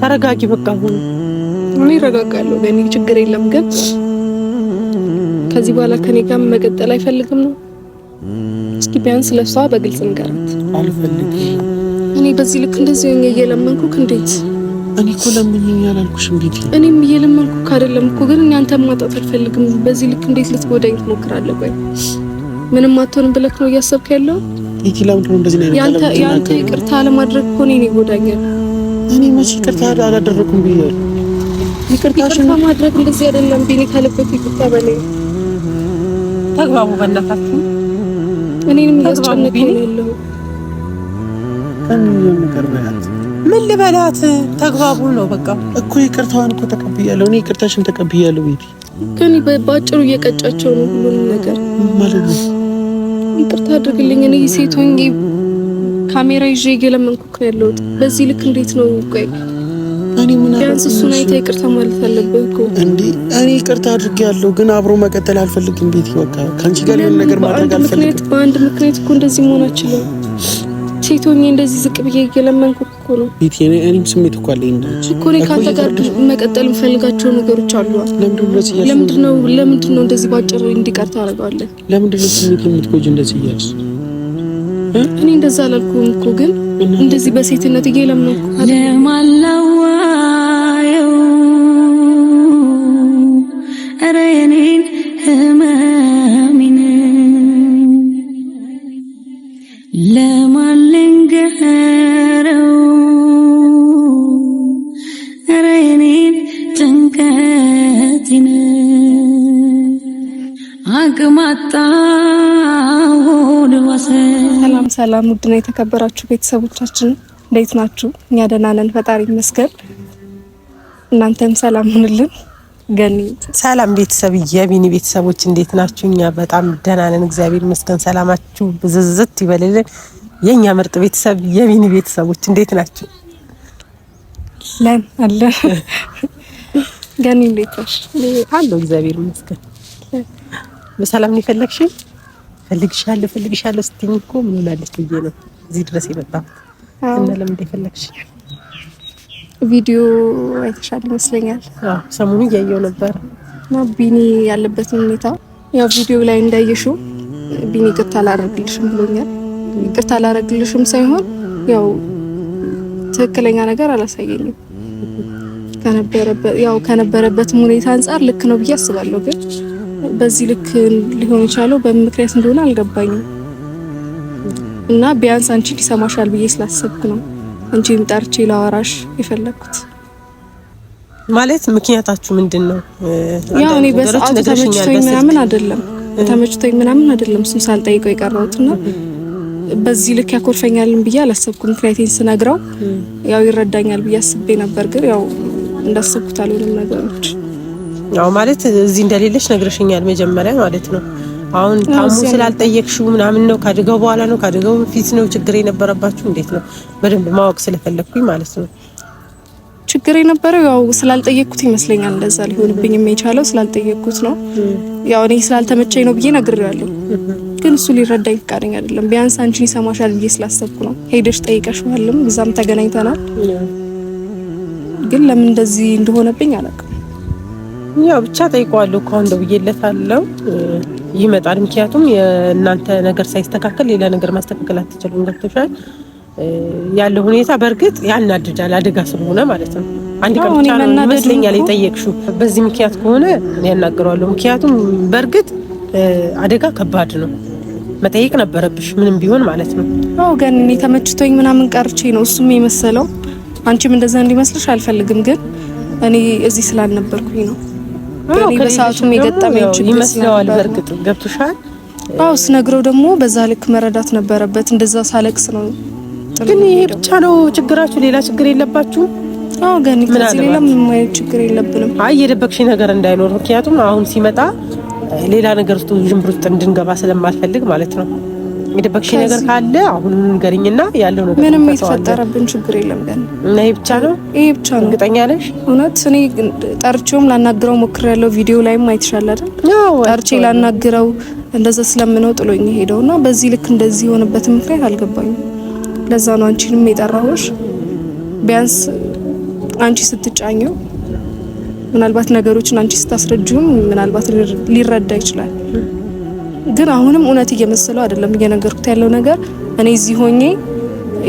ተረጋጊ። በቃ ሁኑ። እኔ እረጋጋለሁ፣ ገኒ ችግር የለም። ግን ከዚህ በኋላ ከኔ ጋር መቀጠል አይፈልግም ነው? እስኪ ቢያንስ ለሷ በግልጽ ንገራት። አልፈልግም። እኔ በዚህ ልክ እንደዚህ ሆኜ እየለመንኩክ እንዴት? እኔ እኮ ለምኜ አላልኩሽ እንዴት? እኔም እየለመንኩክ አይደለም እኮ ግን አንተ ማጣት አልፈልግም። በዚህ ልክ እንዴት ልትጎዳኝ ትሞክራለህ? ቆይ ምንም አትሆንም ብለክ ነው እያሰብክ ያለው? ይኪላም እንደዚህ ነው ያንተ ይቅርታ ለማድረግ እኮ እኔ ይጎዳኛል እኔ መች ይቅርታ አላደረኩም ብያለሁ። ይቅርታ ማድረግ እንደዚህ አይደለም። ቢኒ ካለበት ይቅርታ በላይ ተግባቡ። በእናታችሁ እኔንም ያስጨነቀኝ ነው ያለው። ምን ልበላት? ተግባቡ ነው በቃ እኮ። ይቅርታዋን እኮ ተቀብያለሁ። እኔ ይቅርታሽን ተቀብያለሁ። ቤቲ ግን በአጭሩ እየቀጫቸው ነው ሁሉንም ነገር ማለት ነው። ይቅርታ አድርግልኝ እኔ ሴት ሆኜ ካሜራ ይዤ እየለመንኩክ ነው ያለሁት። በዚህ ልክ እንዴት ነው? ቆይ እኔ ምን ቢያንስ እሱን አይታ ይቅርታ ማለት አለብህ እኮ እንዴ። እኔ ይቅርታ አድርጌያለሁ፣ ግን አብሮ መቀጠል አልፈልግም። ቤት በቃ ከአንቺ ጋር የሆነ ነገር ማድረግ አልፈልግም። በአንድ ምክንያት እኮ እንደዚህ መሆን አችልም። ሴቶኝ እንደዚህ ዝቅ ብዬ እየለመንኩ እኮ ነው ቤት። እኔም ስሜት እኮ አለኝ እኮ እኔ ከአንተ ጋር መቀጠል የምፈልጋቸው ነገሮች አሉ። ለምንድን ነው ለምንድን ነው እንደዚህ ባጭር እንዲቀር ታደርገዋለህ? ለምንድን ነው ስሜት የምትጎጂ እንደዚህ እያልሽ እኔ እንደዛ አላልኩም እኮ ግን እንደዚህ በሴትነት እየለመንኩ ለማላዋየው ኧረ የኔን ህመም ሰላም ውድና የተከበራችሁ ቤተሰቦቻችን እንዴት ናችሁ? እኛ ደህና ነን፣ ፈጣሪ ይመስገን። እናንተም ሰላም ሁንልን። ገኒ ሰላም ቤተሰብ፣ የቢኒ ቤተሰቦች እንዴት ናችሁ? እኛ በጣም ደህና ነን፣ እግዚአብሔር ይመስገን። ሰላማችሁ ብዝዝት ይበልልን። የእኛ ምርጥ ቤተሰብ የቢኒ ቤተሰቦች እንዴት ናችሁ? ለን አለ ገኒ እንዴት ነሽ? አለሁ፣ እግዚአብሔር ይመስገን። በሰላም ነው የፈለግሽኝ? ፈልግሻለሁ ፈልግሻለሁ ስትኝ እኮ ምን ሆናለች ብዬ ነው እዚህ ድረስ የመጣሁት። እና ለምን እንደፈለግሽ ቪዲዮ አይተሻል ይመስለኛል። ሰሞኑን እያየው ነበር እና ቢኒ ያለበትን ሁኔታ ያው ቪዲዮ ላይ እንዳየሽው ቢኒ ይቅርታ አላረግልሽም ብሎኛል። ይቅርታ አላረግልሽም ሳይሆን ያው ትክክለኛ ነገር አላሳየኝም ከነበረበት ያው ከነበረበትም ሁኔታ አንጻር ልክ ነው ብዬ አስባለሁ ግን በዚህ ልክ ሊሆን የቻለው በምን ምክንያት እንደሆነ አልገባኝም። እና ቢያንስ አንቺ ሊሰማሻል ብዬ ስላሰብኩ ነው አንቺም ጠርቼ ላወራሽ የፈለግኩት። ማለት ምክንያታችሁ ምንድን ነው? ያው እኔ በሰዓቱ ተመችቶኝ ምናምን አይደለም ተመችቶኝ ምናምን አይደለም እሱን ሳልጠይቀው የቀረሁትና በዚህ ልክ ያኮርፈኛልን ብዬ አላሰብኩም። ምክንያቴን ስነግረው ያው ይረዳኛል ብዬ አስቤ ነበር፣ ግን ያው እንዳሰብኩት አልሆነም ነገሮች ያው ማለት እዚህ እንደሌለች ነግረሽኛል መጀመሪያ ማለት ነው። አሁን ታሙ ስላልጠየቅሽው ምናምን ነው ካደገው በኋላ ነው ካደገው ፊት ነው ችግር የነበረባችሁ እንዴት ነው? በደንብ ማወቅ ስለፈለግኩኝ ማለት ነው። ችግር የነበረው ያው ስላልጠየቅኩት ይመስለኛል። እንደዛ ሊሆንብኝ የቻለው ስላልጠየቅኩት ነው። ያው እኔ ስላልተመቸኝ ነው ብዬ ነግሬዋለሁ፣ ግን እሱ ሊረዳኝ ፈቃደኛ አይደለም። ቢያንስ አንቺን ይሰማሻል ብዬ ስላሰብኩ ነው። ሄደሽ ጠይቀሽዋልም፣ እዛም ተገናኝተናል። ግን ለምን እንደዚህ እንደሆነብኝ አላውቅም። ያው ብቻ ጠይቀዋለሁ እኮ እንደው ብዬለታለሁ ይመጣል። ምክንያቱም የእናንተ ነገር ሳይስተካከል ሌላ ነገር ማስተካከል አትችሉም። ገብቶሻል? ያለው ሁኔታ በእርግጥ ያናድዳል፣ አደጋ ስለሆነ ማለት ነው። አንድ ቀን ብቻ ነው ይመስለኛል የጠየቅሽው። በዚህ ምክንያት ከሆነ ያናገረዋለሁ። ምክንያቱም በእርግጥ አደጋ ከባድ ነው። መጠየቅ ነበረብሽ ምንም ቢሆን ማለት ነው። አዎ ግን እኔ ተመችቶኝ ምናምን ቀርቼ ነው እሱም የመሰለው። አንቺም እንደዛ እንዲመስልሽ አልፈልግም፣ ግን እኔ እዚህ ስላልነበርኩኝ ነው በሰዓቱም የገጠመኝ ችግር ይመስለዋል። በእርግጥ ገብቶሻል። አዎ ስነግረው ደግሞ በዛ ልክ መረዳት ነበረበት። እንደዛ ሳለቅስ ነው። ግን ይሄ ብቻ ነው ችግራችሁ? ሌላ ችግር የለባችሁም? አዎ ግን ከዚህ ሌላ ምንም ችግር የለብንም። አይ የደበቅሽ ነገር እንዳይኖር ምክንያቱም አሁን ሲመጣ ሌላ ነገር ውስጥ ውዥንብር ውስጥ እንድንገባ ስለማልፈልግ ማለት ነው። የደበቅሽ ነገር ካለ አሁን ንገሪኝና ያለው ነገር ምንም የተፈጠረብን ችግር የለም። ገና እና ይሄ ብቻ ነው ይሄ ብቻ ነው። እርግጠኛ ነሽ? እውነት እኔ ጠርቼውም ላናግረው ሞክሬያለሁ። ቪዲዮ ላይም አይተሻል አይደል? ጠርቼ ላናግረው እንደዛ ስለምነው ጥሎኝ ሄደውና በዚህ ልክ እንደዚህ የሆነበት ምክንያት አልገባኝም። ለዛ ነው አንቺንም የጠራሁሽ። ቢያንስ አንቺ ስትጫኘው ምናልባት ነገሮችን አንቺ ስታስረጅም ምናልባት ሊረዳ ይችላል። ግን አሁንም እውነት እየመሰለው አይደለም እየነገርኩት ያለው ነገር እኔ እዚህ ሆኜ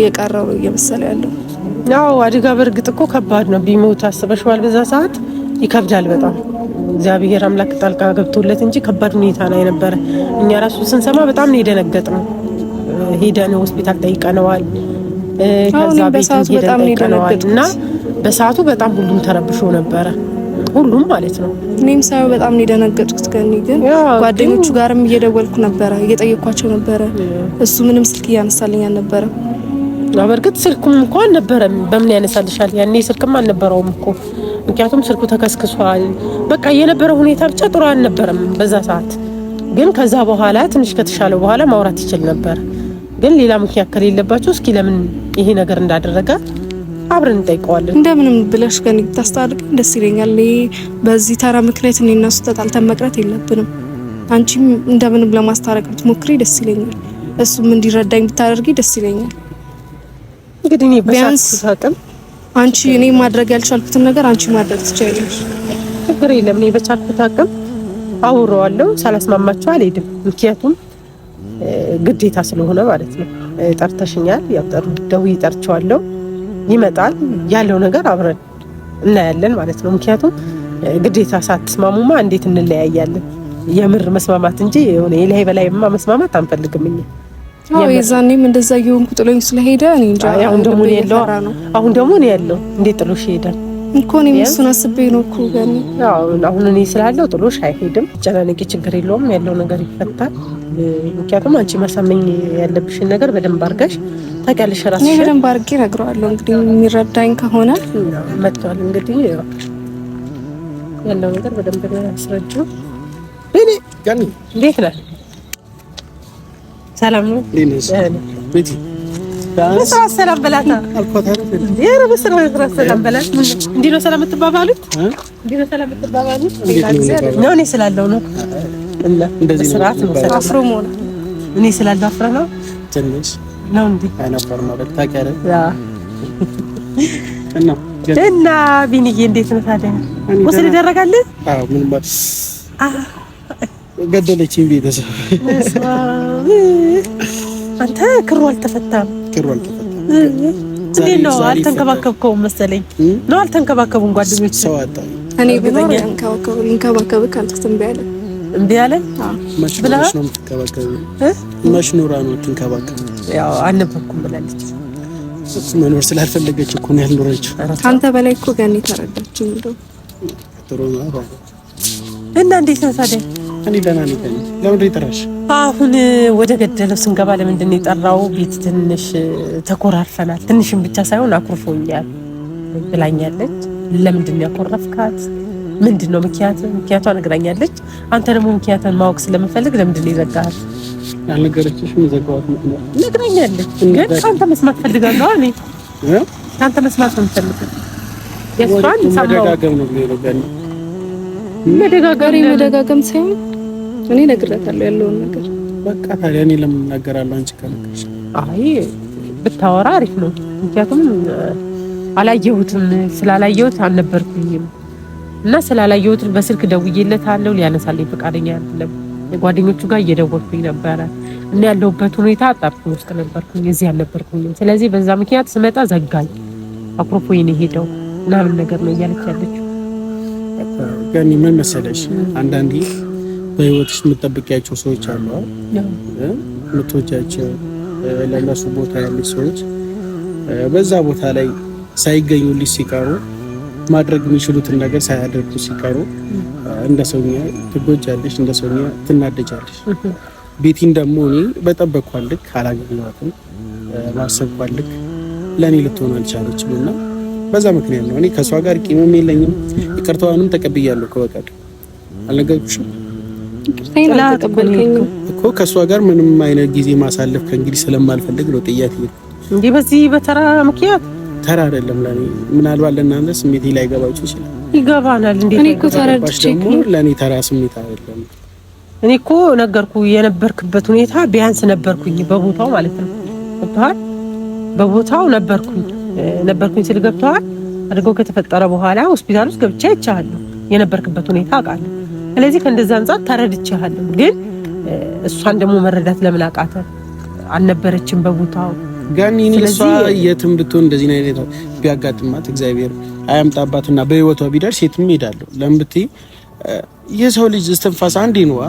የቀረው ነው እየመሰለ ያለው። ያው አደጋ በእርግጥ እኮ ከባድ ነው። ቢሞት አስበሽዋል? በዛ ሰዓት ይከብዳል በጣም እግዚአብሔር አምላክ ጣልቃ ገብቶለት እንጂ ከባድ ሁኔታ ላይ የነበረ እኛ ራሱ ስንሰማ በጣም ነው የደነገጥነው። ሄደን ሆስፒታል ጠይቀነዋል። ከዛ ቤት ሄደን ጠይቀነዋል እና በሰዓቱ በጣም ሁሉም ተረብሾ ነበረ። ሁሉም ማለት ነው። እኔም ሳየው በጣም ነው የደነገጥኩት። ከኔ ግን ጓደኞቹ ጋርም እየደወልኩ ነበረ፣ እየጠየኳቸው ነበረ። እሱ ምንም ስልክ እያነሳልኝ አልነበረም። በእርግጥ ስልኩም እንኳ አልነበረም። በምን ያነሳልሻል? ያኔ ስልክም አልነበረውም እኮ ምክንያቱም ስልኩ ተከስክሷል። በቃ የነበረ ሁኔታ ብቻ ጥሩ አልነበረም በዛ ሰዓት። ግን ከዛ በኋላ ትንሽ ከተሻለ በኋላ ማውራት ይችል ነበር። ግን ሌላ ምክንያት ከሌለባቸው እስኪ ለምን ይሄ ነገር እንዳደረገ አብረን እንጠይቀዋለን። እንደምንም ብለሽ ግን ታስታርቀኝ ደስ ይለኛል። በዚህ ተራ ምክንያት እኔ እና እሱ ተጣልተን መቅረት የለብንም። አንቺም እንደምንም ለማስታረቅ ብትሞክሪ ደስ ይለኛል። እሱም እንዲረዳኝ ብታደርጊ ደስ ይለኛል። እንግዲህ እኔ ቢያንስ አንቺ እኔ ማድረግ ያልቻልኩትን ነገር አንቺ ማድረግ ትችያለሽ። ችግር የለም። እኔ በቻልኩት አቅም አውረዋለሁ። ሳላስማማቸው አልሄድም። ምክንያቱም ግዴታ ስለሆነ ማለት ነው። ጠርተሽኛል። ያው ጠሩ ደውዬ ጠርቼዋለሁ። ይመጣል ያለው ነገር አብረን እናያለን ማለት ነው። ምክንያቱም ግዴታ ሳትስማሙማ እንዴት እንለያያለን? የምር መስማማት እንጂ የሆነ የላይ በላይማ መስማማት አንፈልግም እኛ አዎ የዛኔም እንደዛ እየሆንኩ ጥሎኝ ስለሄደ እኔ እንጃ። አሁን ደግሞ ነው ያለው አሁን ደግሞ ነው ያለው እንዴት ጥሎሽ ይሄዳል እኮ ነው እሱን አስቤ ነው እኮ ገና። አሁን እኔ ስላለው ጥሎሽ አይሄድም። ጨናነቂ ችግር የለውም ያለው ነገር ይፈታል። ምክንያቱም አንቺ ማሳመኝ ያለብሽን ነገር በደንብ አድርጋሽ ታውቂያለሽ። እራስሽ እኔ በደንብ አድርጌ እነግረዋለሁ። እንግዲህ የሚረዳኝ ከሆነ መጥቷል። እንግዲህ ያለው ነገር በደንብ ያስረጂው። እኔ ጋኒ እንዴት ነህ? ሰላም ነው። ቤቲ ሰላም ነው ሰላም ነው ሰላም ነው ስላለው ነው። ነው። እኔ ስላለው አፍረህ ነው ትንሽ ነው እንዴ? አይነበር ማለት ታውቂያለሽ። እና ቢኒዬ እንዴት ነው ታዲያ? ወሰድ ይደረጋል? አዎ ምን ማለት ገደለችኝ። ቤተሰብ አንተ ክሩ አልተፈታም፣ ክሩ አልተፈታም። እንዴት ነው አልተንከባከብከውም መሰለኝ። ነው አልተንከባከቡም ጓደኞች ሰው አጣ እኔ ቢኖር እንከባከቡ ይንከባከቡ ካልተተም ቢያለ እምቢ አለ። አዎ መች ኖራሽ ኖራ ነው የምትንከባከቢው? ያው አልነበርኩም ብላለች። መኖር ስላልፈለገች እኮ ነው ያልኖረችው። ከአንተ በላይ እኮ ገና የተረዳችው ጥሩ ነው። እና እንዴት ነው ታዲያ? እኔ ደህና ነኝ። ለምንድን ነው የጠራሽ? አሁን ወደ ገደለው ስንገባ ለምንድን ነው የጠራው? ቤት ትንሽ ተኮራርፈናል። ትንሽም ብቻ ሳይሆን አኩርፎኛል ብላኛለች። ለምንድን ነው ያኮረፍካት? ምንድን ነው ምክንያት? ምክንያቷ ነግራኛለች። አንተ ደግሞ ምክንያትን ማወቅ ስለምፈልግ ለምንድን ነው ይዘጋሃል? ያልነገረችሽ ምክንያት ነግራኛለች፣ ግን ከአንተ መስማት ፈልጋለሁ። እኔ ከአንተ መስማት ነው የምፈልገው። የእሷን መደጋገም ነው መደጋገም መደጋገም ሳይሆን እኔ እነግራታለሁ ያለውን ነገር በቃ። ታዲያ እኔ ለምን እናገራለሁ? አንቺ ከነገርሽ አይ ብታወራ አሪፍ ነው። ምክንያቱም አላየሁትም፣ ስላላየሁት አልነበርኩኝም እና ስላላየሁት በስልክ ደውዬለት አለው ሊያነሳልኝ ፈቃደኛ አይደለም። ጓደኞቹ ጋር እየደወልኩኝ ነበረ እና ያለሁበት ሁኔታ አጣብቂኝ ውስጥ ነበርኩኝ። እዚህ አልነበርኩኝም። ስለዚህ በዛ ምክንያት ስመጣ ዘጋኝ። ይህን ሄደው ምናምን ነገር ነው እያለች ያለችው። ግን ምን መሰለሽ፣ አንዳንዴ በህይወትሽ የምጠብቂያቸው ሰዎች አሉ፣ ምቶቻቸው ለእነሱ ቦታ ያለች ሰዎች በዛ ቦታ ላይ ሳይገኙልሽ ሲቀሩ ማድረግ የሚችሉትን ነገር ሳያደርጉ ሲቀሩ እንደ ሰውኛ ትጎጃለሽ፣ እንደ ሰውኛ ትናደጃለሽ። ቤቲን ደግሞ እኔ በጠበቅኳት ልክ አላገኘኋትም። ባሰብኳት ልክ ለእኔ ልትሆን አልቻለችም እና በዛ ምክንያት ነው እኔ ከእሷ ጋር ቂምም የለኝም። ይቅርታዋንም ተቀብያለሁ እኮ በቃ አልነገርኩሽም እኮ ከእሷ ጋር ምንም አይነት ጊዜ ማሳለፍ ከእንግዲህ ስለማልፈልግ ነው ጥያት እንዲህ በዚህ በተራ ምክንያት ተራ አይደለም ለኔ። ምናልባት ለእናንተ ስሜቴ ላይ ገባችሁ ይችላል፣ ይገባናል። እንዴት እኔ እኮ ተረድቼ ደግሞ ለኔ ተራ ስሜት አይደለም። እኔ እኮ ነገርኩ የነበርክበት ሁኔታ ቢያንስ ነበርኩኝ በቦታው ማለት ነው። ገብቶሃል? በቦታው ነበርኩኝ ነበርኩኝ ስል ገብቶሃል? አድርገው ከተፈጠረ በኋላ ሆስፒታል ውስጥ ገብቼ አይቻለሁ፣ የነበርክበት ሁኔታ አውቃለሁ። ስለዚህ ከእንደዛ አንጻር ተረድቼሃለሁ። ግን እሷን ደግሞ መረዳት ለምን አቃተ? አልነበረችም በቦታው ጋን እኔ ለሷ የትም ብትሆን እንደዚህ ነገር ቢያጋጥማት እግዚአብሔር አያምጣባትና በህይወቷ ቢደርስ የትም ሄዳለሁ። ለምን ብትይ የሰው ልጅ እስትንፋስ አንዴ ነዋ።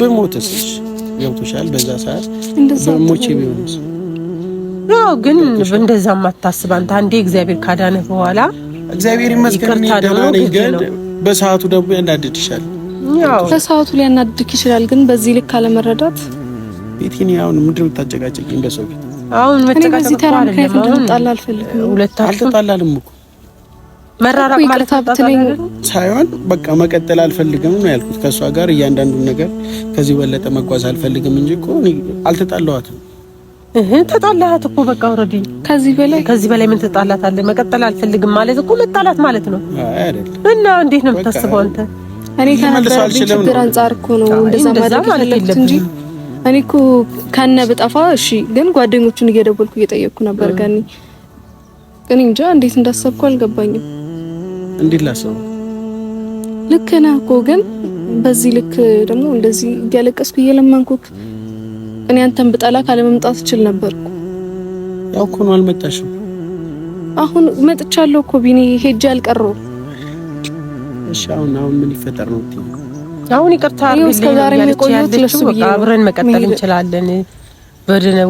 በሞትስ ገብቶሻል። በዛ ሰዓት በሞቼ ቢሆንስ ነው። ግን እንደዛ ማታስብ አንተ አንዴ እግዚአብሔር ካዳነ በኋላ እግዚአብሔር ይመስገን ደህና ነኝ። ግን በሰዓቱ ደግሞ ያናድድሻል። ያው በሰዓቱ ሊያናድድክ ይችላል። ግን በዚህ ልክ አለመረዳት ቤቴን አሁን ምንድን ነው የምታጨቃጨቂኝ? በሰው ቤት አሁን መጨቃጨቅ ተራ አልተጣላንም እኮ መራራቅ ማለት ሳይሆን በቃ መቀጠል አልፈልግም ነው ያልኩት። ከእሷ ጋር እያንዳንዱን ነገር ከዚህ በለጠ መጓዝ አልፈልግም እንጂ እኮ አልተጣላኋትም። ተጣላት እኮ በቃ ኦልሬዲ። ከዚህ በላይ ከዚህ በላይ ምን ተጣላታለህ? መቀጠል አልፈልግም ማለት እኮ መጣላት ማለት ነው አይደል? እና እንዴት ነው የምታስበው አንተ? እኔ ከነገር ችግር አንጻር እኮ ነው እንደዛ ማለት እንጂ እኔ እኮ ከነ ብጠፋ እሺ፣ ግን ጓደኞቹን እየደወልኩ እየጠየቅኩ ነበር። ጋኒ እኔ እንጃ እንዴት እንዳሰብኩ አልገባኝም። እንዴት ላሰብ ልክ ነህ እኮ ግን በዚህ ልክ ደግሞ እንደዚህ እያለቀስኩ እየለመንኩክ እኔ አንተን ብጠላ ካለመምጣት እችል ነበርኩ። ያው እኮ ነው አልመጣሽም። አሁን መጥቻለሁ እኮ ቢኒ፣ ሄጄ አልቀረሁም። እሺ አሁን አሁን ምን ይፈጠር ነው እንዴ? አሁን ይቅርታ አብረን መቀጠል እንችላለን፣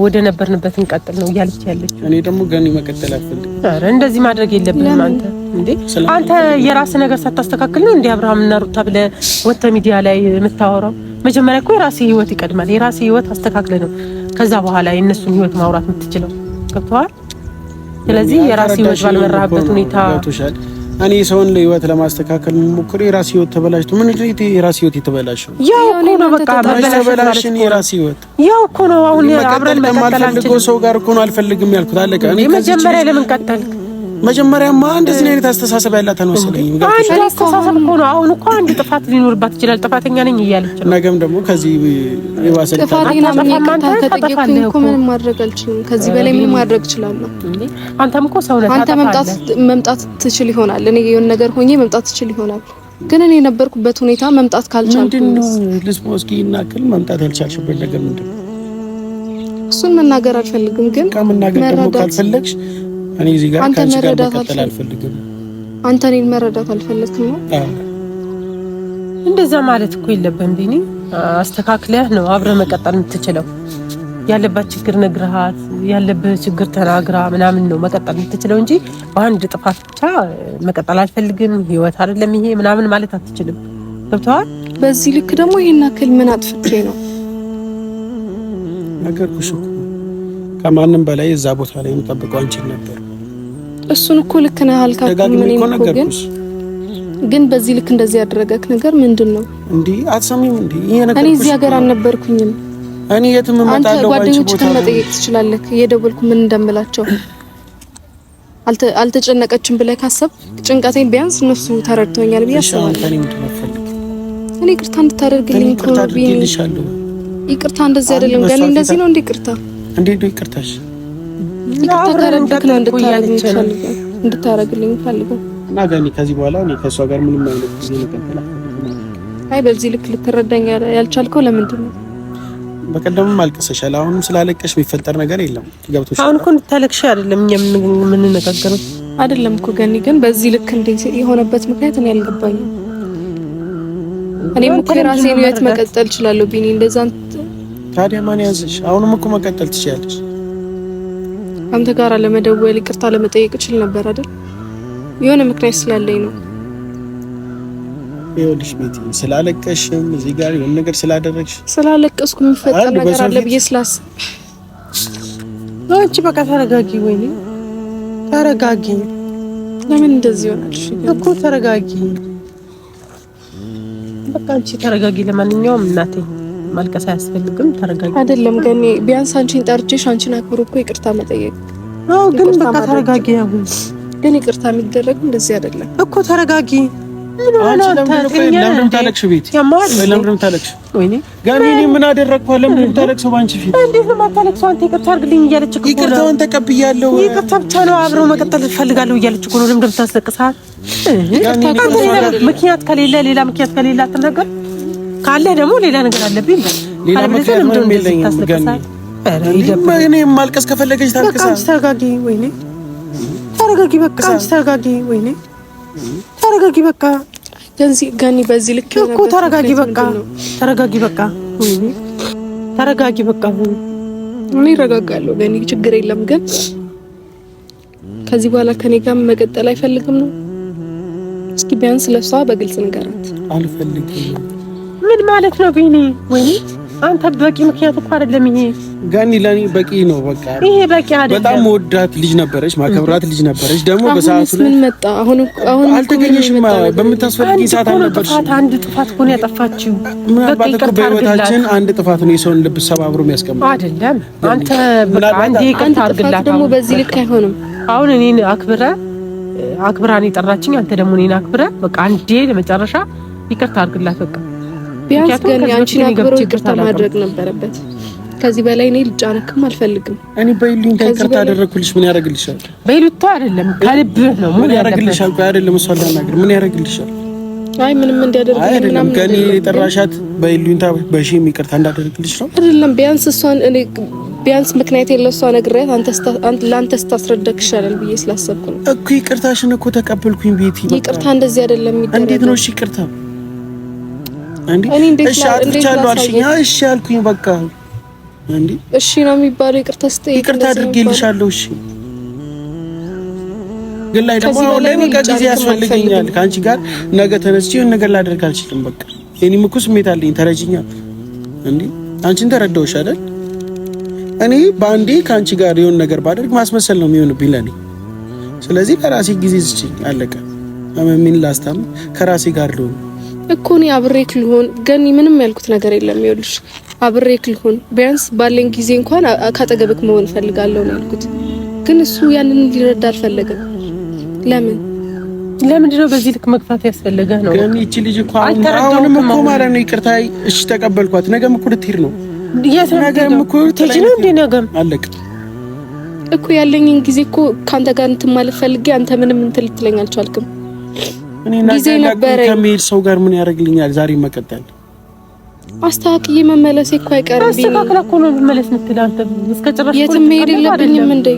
ወደ ነበርንበት እንቀጥል ነው እያለች ያለች። እኔ ደግሞ ገኒ መቀጠል አልፈልግም። ኧረ እንደዚህ ማድረግ የለብንም። አንተ እንዴ አንተ የራስ ነገር ሳታስተካክል ነው እንዴ አብርሃም እና ሩታ ብለህ ወጥተህ ሚዲያ ላይ የምታወራው? መጀመሪያ እኮ የራስህ ህይወት ይቀድማል። የራስህ ህይወት አስተካክለ ነው ከዛ በኋላ የእነሱን ህይወት ማውራት የምትችለው። ገብቶሃል? ስለዚህ የራስህ ህይወት ባልመራህበት ሁኔታ እኔ ሰውን ለህይወት ለማስተካከል ሞክር። የራስ ህይወት ተበላሽቶ ምን ልጅ የራስ ህይወት የተበላሽ ነው። ያው እኮ ነው በቃ ተበላሽን። የራስ ህይወት ያው እኮ ነው። አሁን አብረን መቀጠል አንችልም። ሰው ጋር እኮ ነው አልፈልግም ያልኩት። አለቀ። እኔ መጀመሪያ ለምን ቀጠልክ? መጀመሪያማ እንደዚህ አይነት አስተሳሰብ ያላት አልመሰለኝም። አንድ አስተሳሰብ እኮ ነው። አሁን እኮ አንድ ጥፋት ሊኖርባት ይችላል። ጥፋተኛ ነኝ እያለች ነው። ነገም ደግሞ ከዚህ የባሰ ምንም ማድረግ አልችልም። ከዚህ በላይ ምንም ማድረግ እችላለሁ? አንተም እኮ ሰው ነህ። አንተ መምጣት መምጣት ትችል ይሆናል። እኔ የሆነ ነገር ሆኜ መምጣት ትችል ይሆናል ግን እኔ የነበርኩበት ሁኔታ መምጣት ካልቻልኩ ምንድነው? እስኪ ይናክል መምጣት ያልቻልሽበት ነገር ምንድነው? እሱን መናገር አልፈልግም። ግን ከመናገር ደግሞ ካልፈለግሽ እኔ እዚህ ጋር ከአንቺ ጋር መቀጠል አልፈልግም። አንተ እኔን መረዳት አልፈለግም ነው? እንደዛ ማለት እኮ የለብህም ቢኒ። አስተካክለህ ነው አብረህ መቀጠል የምትችለው። ያለባት ችግር ነግረሃት፣ ያለብህ ችግር ተናግራ ምናምን ነው መቀጠል የምትችለው እንጂ በአንድ ጥፋት ብቻ መቀጠል አልፈልግም፣ ህይወት አይደለም ይሄ ምናምን ማለት አትችልም። ገብተዋል። በዚህ ልክ ደግሞ ይህን አክል ምን አጥፍቼ ነው ነገር ከማንም በላይ እዛ ቦታ ላይ የምጠብቀው አንቺን ነበር። እሱን እኮ ልክ ነህ አልካት። ምን ግን ግን በዚህ ልክ እንደዚህ ያደረገክ ነገር ምንድን ነው እንዴ? አትሰሚም እንዴ? ይሄ ነገር እኔ እዚህ ሀገር አልነበርኩኝም። እኔ የትም እመጣለሁ። ጓደኞችህን መጠየቅ ትችላለህ። የደወልኩ ምን እንደምላቸው አልተጨነቀችም ብለህ ካሰብ ጭንቀቴን ቢያንስ እነሱ ተረድተውኛል ብዬ አስባለሁ። እኔ ይቅርታ እንድታደርግልኝ ይቅርታ፣ እንደዚህ አይደለም ጋር እንደዚህ ነው እንዴ? ይቅርታ እንዴ? ይቅርታሽ እንድታረግልኝ ፈልገው ከዚህ በኋላ እኔ ከእሷ ጋር ምንም አይነት ጊዜ አይ በዚህ ልክ ልትረዳኝ ያልቻልከው ለምንድን ነው? በቀደምም አልቅሰሻል። አሁንም ስላለቀሽ የሚፈጠር ነገር የለም። ገብቶሻል። አሁን እኮ እንድታለቅሽ አይደለም እኛ የምንነጋገረው አይደለም እኮ ገኒ። ግን በዚህ ልክ እንዴት የሆነበት ምክንያት እኔ አልገባኝም። እኔም እኮ የራሴን ሕይወት መቀጠል እችላለሁ ቢኒ። እንደዛ ታዲያ ማን ያዘሽ? አሁንም እኮ መቀጠል ትችያለሽ። አንተ ጋር ለመደወል ይቅርታ ለመጠየቅ እችል ነበር አይደል? የሆነ ምክንያት ስላለኝ ነው። ይኸውልሽ ቤቲ፣ ስላለቀሽም እዚህ ጋር የሆነ ነገር ስላደረግሽ ስላለቀስኩ የሚፈጠር ነገር አለ ብዬ ስላስ አንቺ በቃ ተረጋጊ። ወይኔ ተረጋጊ። ለምን እንደዚህ ይሆናል እኮ? ተረጋጊ በቃ አንቺ ተረጋጊ። ለማንኛውም እናቴ ማልቀስ አያስፈልግም። ተረጋጊ። አይደለም ገኔ፣ ቢያንስ አንቺን ጠርቼሽ አንቺን አክብሮ እኮ ይቅርታ መጠየቅ አዎ። ግን በቃ ተረጋጊ። አሁን ግን ይቅርታ የሚደረግ እንደዚህ አይደለም እኮ። ተረጋጊ። መቀጠል ምክንያት ከሌለ ሌላ ምክንያት ከሌለ አትናገር ካለ ደግሞ ሌላ ነገር አለብኝ። ሌላ ምክንያት ምንም የለኝም። እኔ ማልቀስ ከፈለገች ታልቅሳ። ተረጋጊ፣ ወይኔ ተረጋጊ፣ በቃ ተረጋጊ፣ ወይኔ ተረጋጊ፣ በቃ ገኒ፣ በዚህ ልክ እኮ ተረጋጊ፣ በቃ ተረጋጊ፣ በቃ ወይኔ ተረጋጊ፣ በቃ እኔ እረጋጋለሁ። ገኒ፣ ችግር የለም ግን ከዚህ በኋላ ከኔ ጋር መቀጠል አይፈልግም ነው? እስኪ ቢያንስ ለሷ በግልጽ ንገራት። አልፈልግም ምን ማለት ነው ግን? ወይ አንተ በቂ ምክንያት እኮ አይደለም ይሄ። ጋኒ ለኔ በቂ ነው። በቃ ይሄ በቂ አይደለም። በጣም ወዳት ልጅ ነበረች፣ ማከብራት ልጅ ነበረች። ደግሞ በሰዓቱ ምን መጣ? አሁን አሁን አልተገኘሽም። በምታስፈልጊ ሰዓት አልነበርሽ። አንድ ጥፋት ሆነ ነው ያጠፋችው። ምናልባት እኮ በህይወታችን አንድ ጥፋት ነው የሰውን ልብ ሰባብሮ የሚያስቀምጥ አይደለም። አንተ በቃ አንዴ ይቅርታ አድርግላት። ደግሞ በዚህ ልክ አይሆንም። አሁን እኔን አክብረ አክብራን የጠራችኝ አንተ ደግሞ እኔን አክብረ በቃ አንዴ ለመጨረሻ ይቅርታ አድርግላት በቃ ቢያንስ ግን ያንቺን አክብሮ ይቅርታ ማድረግ ነበረበት። ከዚህ በላይ እኔ ልጫነክም አልፈልግም። እኔ በይሉኝ ይቅርታ አደረግኩልሽ ምን ያደርግልሻል? በይሉታ አይደለም ከልብህ ነው። ምን ያደርግልሻል? ቆይ አይደለም እሷ ላናግር ምን ያደርግልሻል? አይ ምንም እንዲያደርግ አይደለም። ከኔ የጠራሻት በይሉኝታ በሺህም ይቅርታ እንዳደረግልሽ ነው አይደለም? ቢያንስ እሷን እኔ ቢያንስ ምክንያት የለ እሷ ነግሬያት ለአንተ ስታስረዳክ ይሻላል ብዬ ስላሰብኩ ነው እኮ። ይቅርታሽን እኮ ተቀበልኩኝ ቤቲ። ይቅርታ እንደዚህ አይደለም የሚደረግ። እንዴት ነው እሺ? ይቅርታ እሺ አልኩኝ በቃ እሺ ነው የሚባለው። ይቅርታ ስጠይቅ ይቅርታ አድርጌልሻለሁ። እሺ ግን ላይ ደግሞ አሁን ላይ በቃ ጊዜ ያስፈልገኛል። ከአንቺ ጋር ነገ ተነስቼ ነገር ላደርግ አልችልም። በቃ እኔም እኮ ስሜት አለኝ። ተረጅኛ እንዴ አንቺን ተረዳሁሽ አይደል? እኔ በአንዴ ከአንቺ ጋር የሆነ ነገር ባደርግ ማስመሰል ነው የሚሆንብኝ ለኔ። ስለዚህ ከራሴ ጊዜ ስጪኝ። አለቀ። አመሜን ላስታም ከራሴ ጋር ልሆን እኮ እኔ አብሬክ ልሆን ገኒ፣ ምንም ያልኩት ነገር የለም። ይኸውልሽ አብሬክ ልሆን ቢያንስ ባለኝ ጊዜ እንኳን ካጠገብክ መሆን እፈልጋለሁ ነው ያልኩት። ግን እሱ ያንን ሊረዳ አልፈለገም። ለምን ለምንድን ነው በዚህ ልክ መግፋት ያስፈለገ ነው? ግን እቺ ልጅ እኮ አሁንም እኮ ማለት ነው ይቅርታ፣ እሺ ተቀበልኳት። ነገም እኮ ልትሄድ ነው። ነገም እኮ ነው እንዴ? ነገም አለቅ እኮ ያለኝን ጊዜ እኮ ካንተ ጋር እንትን ማለት ፈልጌ አንተ ምንም እንትን ልትለኝ አልቻልክም። ጊዜ ነበረ ከሚሄድ ሰው ጋር ምን ያደርግልኛል? ዛሬ መቀጠል አስተካክዬ መመለሴ እኮ አይቀርም። አስተካክላ እኮ ነው መመለስ የምትል አንተ። እስከ ጭራሽ የትም መሄድ የለብኝም እንዴ?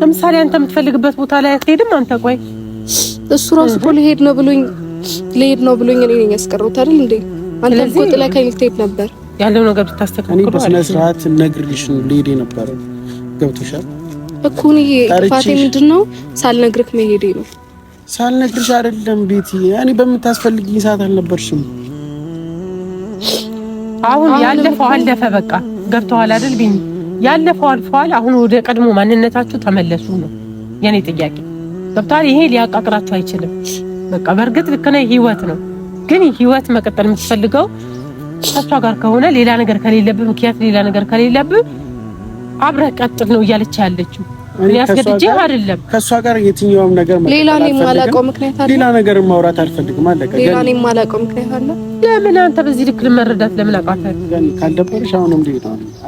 ለምሳሌ አንተ የምትፈልግበት ቦታ ላይ አትሄድም አንተ። ቆይ እሱ ራሱ እኮ ልሄድ ነው ብሎኝ ልሄድ ነው ብሎኝ እኔ ነኝ ያስቀረሁት አይደል እንዴ? አንተ እኮ ጥለኸኝ ልትሄድ ነበር። ያለው ነገር ብታስተካክሉ እኔ በስነ ስርዓት ነግርልሽ ልሄድ የነበረው ገብቶሻል እኮ። እኔ ጥፋቴ ምንድን ነው ሳልነግርህ መሄዴ ነው ሳልነግርሽ አይደለም ቤቲ፣ እኔ በምታስፈልግኝ ሰዓት አልነበርሽም። አሁን ያለፈው አለፈ፣ በቃ ገብተዋል አይደል? ቢኝ ያለፈው አልፈዋል። አሁን ወደ ቀድሞ ማንነታችሁ ተመለሱ ነው የኔ ጥያቄ። ገብተዋል። ይሄ ሊያቃቅራችሁ አይችልም። በቃ በእርግጥ ልክ ነህ፣ ህይወት ነው። ግን ህይወት መቀጠል የምትፈልገው ከሷ ጋር ከሆነ ሌላ ነገር ከሌለብህ ምክንያት ሌላ ነገር ከሌለብህ አብረህ ቀጥል ነው እያለች ያለችው ያስገድጄ አይደለም ከእሷ ጋር የትኛውም ነገር ሌላ የማላውቀው ምክንያት አለ። ሌላ ነገር ማውራት አልፈልግም። አለቀ። ሌላ የማላውቀው ምክንያት አለ። ለምን አንተ በዚህ ልክ ልመረዳት ለምን አቃተህ? ካልደበረሽ አሁንም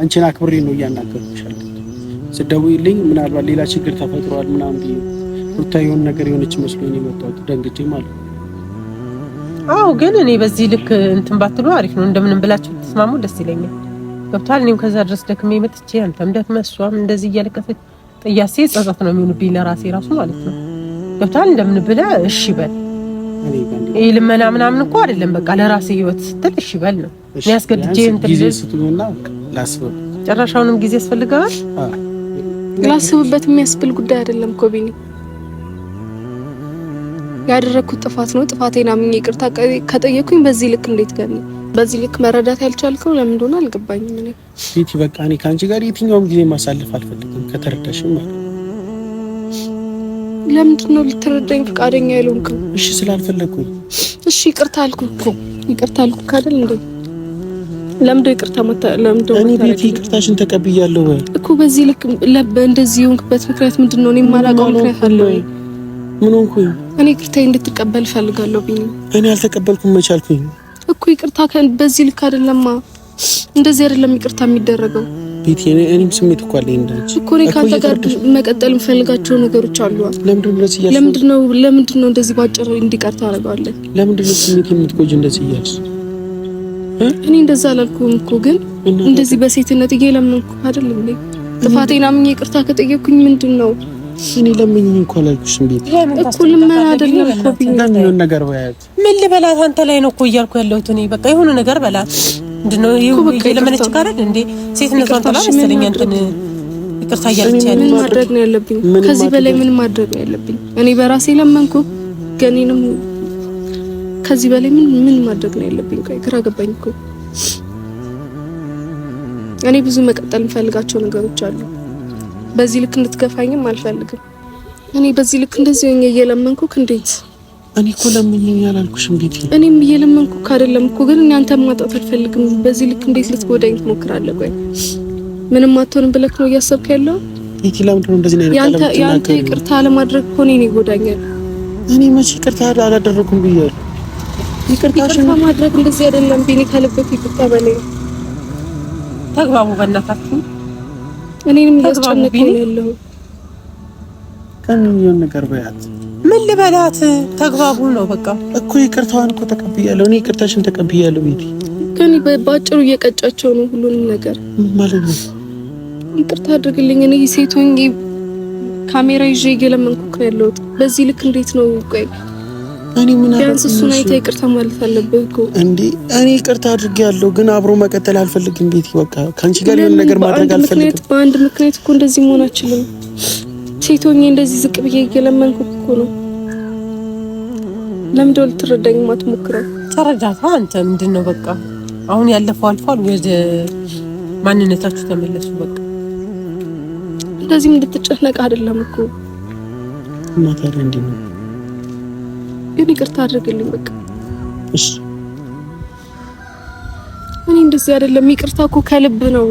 አንቺን አክብሬ ነው እያናገርኩሽ። ስደውይልኝ ምናልባት ሌላ ችግር ተፈጥሯል ምናምን ብዬሽ ሩታ የሆነ ነገር የሆነች መስሎኝ የመጣሁት ደንግጬ ማለት ነው። አዎ ግን እኔ በዚህ ልክ እንትን ባትሉ አሪፍ ነው። እንደምንም ብላችሁ ተስማሙ፣ ደስ ይለኛል። ገብቷል። እኔም ከዛ ድረስ ደክሜ መጥቼ አንተም ደክመህ እሷም እንደዚህ እያለቀሰች ጥያሴ ጸጸት ነው የሚሆንብኝ ለራሴ ራሱ ማለት ነው። ገብቶሃል? እንደምን ብለህ እሺ በል ይህ ልመና ምናምን እኮ አይደለም። በቃ ለራሴ ህይወት ስትል እሺ በል ነው የሚያስገድጄ ጨረሻውንም ጊዜ ያስፈልገዋል ላስብበት የሚያስብል ጉዳይ አይደለም እኮ ቢኒ። ያደረግኩት ጥፋት ነው። ጥፋቴን አምኜ ይቅርታ ከጠየኩኝ በዚህ ልክ እንዴት ገና በዚህ ልክ መረዳት ያልቻልከው ለምን እንደሆነ አልገባኝም። እኔ ቤቲ በቃ እኔ ከአንቺ ጋር የትኛውም ጊዜ ማሳለፍ አልፈልግም። ከተረዳሽም ማለት ለምንድን ነው ልትረዳኝ ፈቃደኛ ያልሆንከው? እሺ ስላልፈለግኩኝ። እሺ ይቅርታ አልኩህ እኮ ይቅርታ አልኩህ አይደል እንዴ? ለምዶ ይቅርታ ማታ ለምዶ እኔ ቤት ይቅርታሽን ተቀብያለሁ እኮ። በዚህ ልክ ለበ እንደዚህ የሆንክበት ምክንያት ምንድን ነው? እኔ የማላውቀው ምክንያት አለ ወይ? ምን ሆንኩኝ እኔ? ይቅርታ እንድትቀበል ፈልጋለሁ ብኝ እኔ አልተቀበልኩም። መቻልኩኝ እኮ ይቅርታ በዚህ ልክ አይደለማ። እንደዚህ አይደለም ይቅርታ የሚደረገው። ቤት እኔም ስሜት እኮ አለኝ እንደዚህ እኮ እኔ ከአንተ ጋር መቀጠል የምፈልጋቸው ነገሮች አሉ። ለምንድን ነው ለምንድን ነው እንደዚህ ባጭር እንዲቀር ታደርገዋለህ? ለምንድን ነው ስሜት የምትጎጂው እንደዚህ እያልሽ? እኔ እንደዛ አላልኩም እኮ ግን እንደዚህ በሴትነት እየለመንኩ አይደለም። ጥፋቴን አምኜ ይቅርታ ከጠየኩኝ ምንድን ነው እኔ ለምን እንኳን አልኩሽም። ቤት እኮ ልመና አይደለም እኮ ነው ነገር በያት ምን ልበላት? አንተ ላይ ነው እኮ እያልኩ ያለሁት እኔ በቃ የሆነ ነገር በላት። ምንድን ነው የለመነች ካረድ እንዴ ሴትነቷን ጥላ መሰለኝ እንትን ይቅርታ እያለች ያለ ምን ማድረግ ነው ያለብኝ? ከዚህ በላይ ምን ማድረግ ነው ያለብኝ? እኔ በራሴ ለመንኩ ገኔንም ከዚህ በላይ ምን ምን ማድረግ ነው ያለብኝ? ቆይ ግራ ገባኝ እኮ እኔ ብዙ መቀጠል እንፈልጋቸው ነገሮች አሉ በዚህ ልክ እንድትገፋኝም አልፈልግም። እኔ በዚህ ልክ እንደዚህ ሆኜ እየለመንኩክ እንዴት እኔ እኮ ለምኜኝ አላልኩሽም ቤቲ። እኔም እየለመንኩክ አይደለም እኮ ግን እኔ አንተን ማጣት አልፈልግም። በዚህ ልክ እንዴት ልትጎዳኝ ትሞክራለህ? ቆይ ምንም አትሆንም ብለክ ነው እያሰብክ ያለው? ቤቲ ለምንድን ነው እንደዚህ ነው ያንተ ያንተ ይቅርታ ለማድረግ እኮ እኔን ይጎዳኛል። እኔ መቼ ይቅርታ አላደረኩም ብያለሁ። ይቅርታ ማድረግ እንደዚህ አይደለም ቢኒ። ካለበት ይቅርታ በለኝ። ተግባቡ በእናታችሁ እኔንም እያስጨነቀኝ ያለው ቀን የሆነ ነገር በያት ምን ልበላት? ተግባቡ ነው በቃ እኮ ይቅርታዋን እኮ ተቀብያለሁ። እኔ ይቅርታሽን ተቀብያለሁ። ቤቲ ግን በአጭሩ እየቀጫቸው ነው ሁሉንም ነገር ማለት ነው። ይቅርታ አድርግልኝ። እኔ ሴት ሆኜ ካሜራ ይዤ እየለመንኩ ያለሁት። በዚህ ልክ እንዴት ነው ቆይ እኔ ምን ቢያንስ እሱን አይተህ ይቅርታ ማለት አለብህ እኮ እንዴ። እኔ ይቅርታ አድርጌያለሁ፣ ግን አብሮ መቀጠል አልፈልግም። ቤቲ በቃ ከአንቺ ጋር የሆነ ነገር ማድረግ አልፈልግም። በአንድ ምክንያት እኮ እንደዚህ መሆን አችልም። ሴቶኝ እንደዚህ ዝቅ ብዬ እየለመንኩ እኮ ነው። ለምንድን ነው ልትረዳኝ ማትሞክረው? ተረዳታ አንተ ምንድን ነው በቃ አሁን ያለፈው አልፏል። ወደ ማንነታችሁ ተመለሱ በቃ። እንደዚህም እንድትጨነቅ አይደለም እኮ እና ታዲያ እንዴት ነው ግን ይቅርታ አድርግልኝ በቃ እሺ። እኔ እንደዚህ አይደለም። ይቅርታ እኮ ከልብ ነው።